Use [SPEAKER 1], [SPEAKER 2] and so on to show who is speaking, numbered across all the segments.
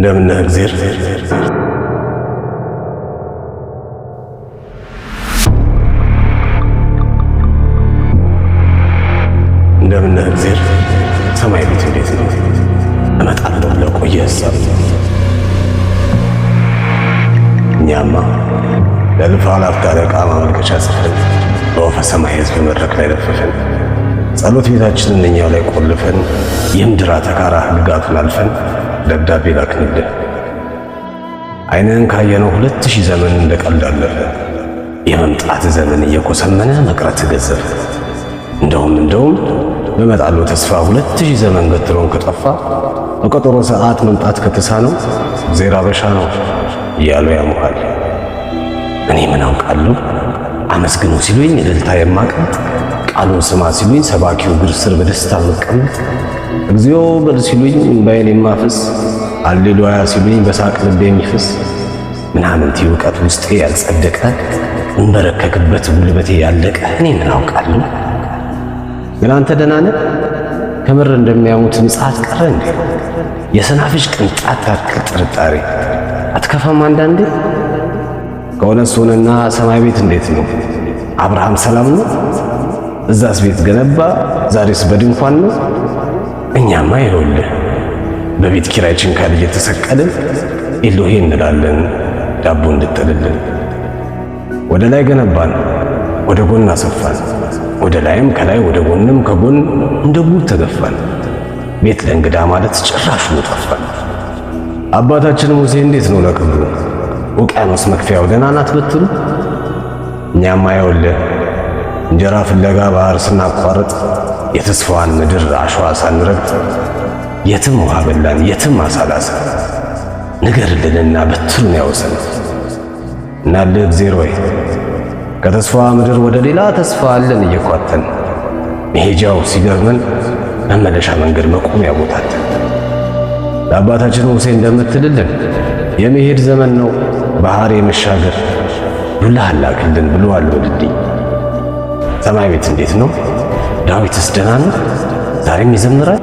[SPEAKER 1] እንደምነህ እግዜር እንደምነህ እግዜር ሰማይ ቤት እንዴት ነው እመጣለሁ ብለህ ቆየህ ሀሳብ እኛማ ለልፋ ላፍታ ለቃ ማመልከቻ ጽፈን በወፈ ሰማይ ህዝብ መድረክ ላይ ለፈፈን ጸሎት ቤታችንን እኛው ላይ ቆልፈን የምድራ ተካራ ህግጋቱን አልፈን ደብዳቤ ላክንልህ። ዓይንህን ካየነው ሁለት ሺህ ዘመን እንደ ቀልድ አለፈ። የመምጣት ዘመን እየኮሰመነ መቅረት ገዘፈ። እንደውም እንደውም በመጣለው ተስፋ ሁለት ሺህ ዘመን ገትሮን ከጠፋ በቀጠሮ ሰዓት መምጣት ከተሳነው ዜራ በሻ ነው እያሉ ያሙሃል። እኔ ምን አውቃለሁ አመስግኑ ሲሉኝ እልልታ የማቀጥ ቃሉን ስማ ሲሉኝ ሰባኪው እግር ስር በደስታ መቀመጥ፣ እግዚኦ በል ሲሉኝ እምባዬን የማፈስ፣ አሌሉያ ሲሉኝ በሳቅ ልቤ የሚፈስ ምናምንቲ እውቀት ውስጤ ያልጸደቀ እንበረከክበት ጉልበቴ ያለቀ ምን አውቃለሁ? ግን አንተ ደህና ነህ ከምር እንደሚያሙት ምጽአት ቀረ እንዴ? የሰናፍጭ ቅንጣት ያክል ጥርጣሬ አትከፋም አንዳንዴ? ከሆነ እሱንና ሰማይ ቤት እንዴት ነው? አብርሃም ሰላም ነው? እዛስ ቤት ገነባ፣ ዛሬስ በድንኳን ነው። እኛማ ይኸውልህ በቤት ኪራይ ችንካል እየተሰቀልን ኤሎሄ እንላለን ዳቦ እንድጠልልን ወደ ላይ ገነባን፣ ወደ ጎን አሰፋን፣ ወደ ላይም ከላይ ወደ ጎንም ከጎን እንደ ጉድ ተገፋን። ቤት ለእንግዳ ማለት ጭራሽ ጠፋን። አባታችን ሙሴ እንዴት ነው ለክብሩ ውቅያኖስ መክፈያው ደህና ናት ብትሉ እኛማ ይኸውልህ እንጀራ ፍለጋ ባህር ስናቋርጥ የተስፋዋን ምድር አሸዋ ሳንረግጥ የትም ውሃ በላን የትም አሳላሰን ንገርልንና በትሩን ያወሰን እናልህ እግዜር ወይ ከተስፋዋ ምድር ወደ ሌላ ተስፋ አለን እየኳተን መሄጃው ሲገርመን መመለሻ መንገድ መቆሚያ ያቦታል ለአባታችን ሙሴ እንደምትልልን የመሄድ ዘመን ነው ባህር የመሻገር ዱላ አላክልን ብሎ ሰማይ ቤት እንዴት ነው? ዳዊትስ ደህና ነው? ዛሬም ይዘምራል።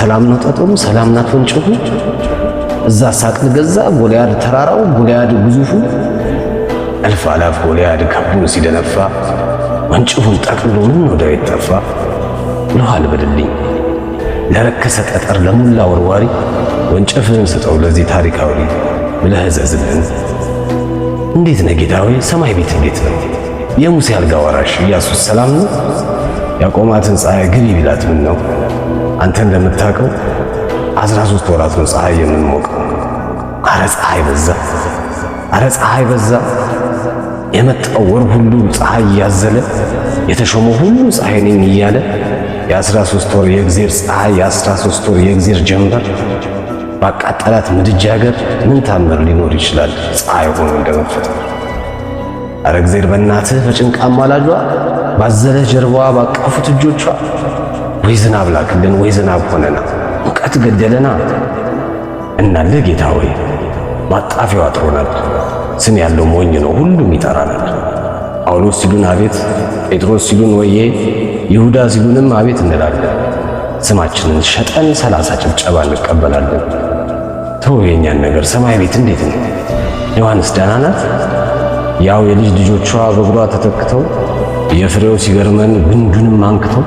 [SPEAKER 1] ሰላም ነው ጠጠሩ፣ ሰላም ናት ወንጭፉ። እዛ ሳጥን ገዛ ጎልያድ ተራራው ጎልያድ ግዙፉ እልፍ አላፍ ጎልያድ ከብዶ ሲደነፋ ወንጭፉን ጠቅሎ ምን ነው ዳዊት ጠፋ ብሎሃል በድልኝ ለረከሰ ጠጠር ለሙላ ወርዋሪ ወንጭፍን ስጠው ለዚህ ታሪካዊ ብለህ እዘዝብን። እንዴት ነው ጌታዊ ሰማይ ቤት እንዴት ነው? የሙሴ አልጋ ወራሽ ኢያሱስ ሰላም ነው ያቆማትን ፀሐይ ግቢ ቢላት ምን ነው? አንተ እንደምታውቀው 13 ወራት ነው ፀሐይ የምንሞቀው። አረ ፀሐይ በዛ፣ አረ ፀሐይ በዛ። የመጣው ወር ሁሉ ፀሐይ እያዘለ የተሾመ ሁሉ ፀሐይ ነኝ እያለ የአስራ ሶስት ወር የእግዜር ፀሐይ የአስራ ሶስት ወር የእግዜር ጀንበር ባቃጠላት ምድጃ ሀገር ምን ታምር ሊኖር ይችላል? ፀሐይ ሆኖ እንደመፈጠር አረ እግዜር በእናትህ በጭንቃ ማላጇ ባዘለ ጀርባዋ ባቀፉት እጆቿ ወይ ዝናብ ላክልን ወይ ዝናብ ሆነና ሙቀት ገደለና እና ጌታ ወይ ማጣፊያው አጥሮናል። ስም ያለው ሞኝ ነው ሁሉም ይጠራናል። ጳውሎስ ሲሉን አቤት፣ ጴጥሮስ ሲሉን ወዬ፣ ይሁዳ ሲሉንም አቤት እንላለን። ስማችንን ሸጠን ሰላሳ ጭብጨባ እንቀበላለን። ተው የእኛን ነገር ሰማይ ቤት እንዴት ነው? ዮሐንስ ደህና ናት? ያው የልጅ ልጆቿ በእግሯ ተተክተው የፍሬው ሲገርመን ግንዱንም አንክተው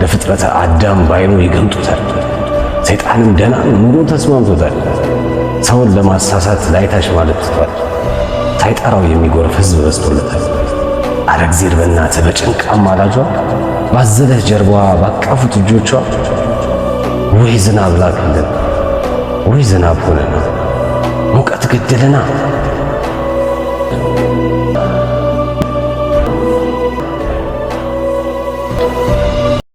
[SPEAKER 1] ለፍጥረተ አዳም ባይኑ ይገምጡታል። ሰይጣንም ደህና ኑሮ ተስማምቶታል። ሰውን ለማሳሳት ላይታሽ ማለት ትቷል። ሳይጠራው የሚጎርፍ ህዝብ በዝቶለታል። አረ እግዜር በእናትህ በጭንቅ አማላጇ ባዘለች ጀርባዋ ባቀፉት እጆቿ ወይ ዝናብ ላክልን፣ ወይ ዝናብ ሆነና ሙቀት ገደለና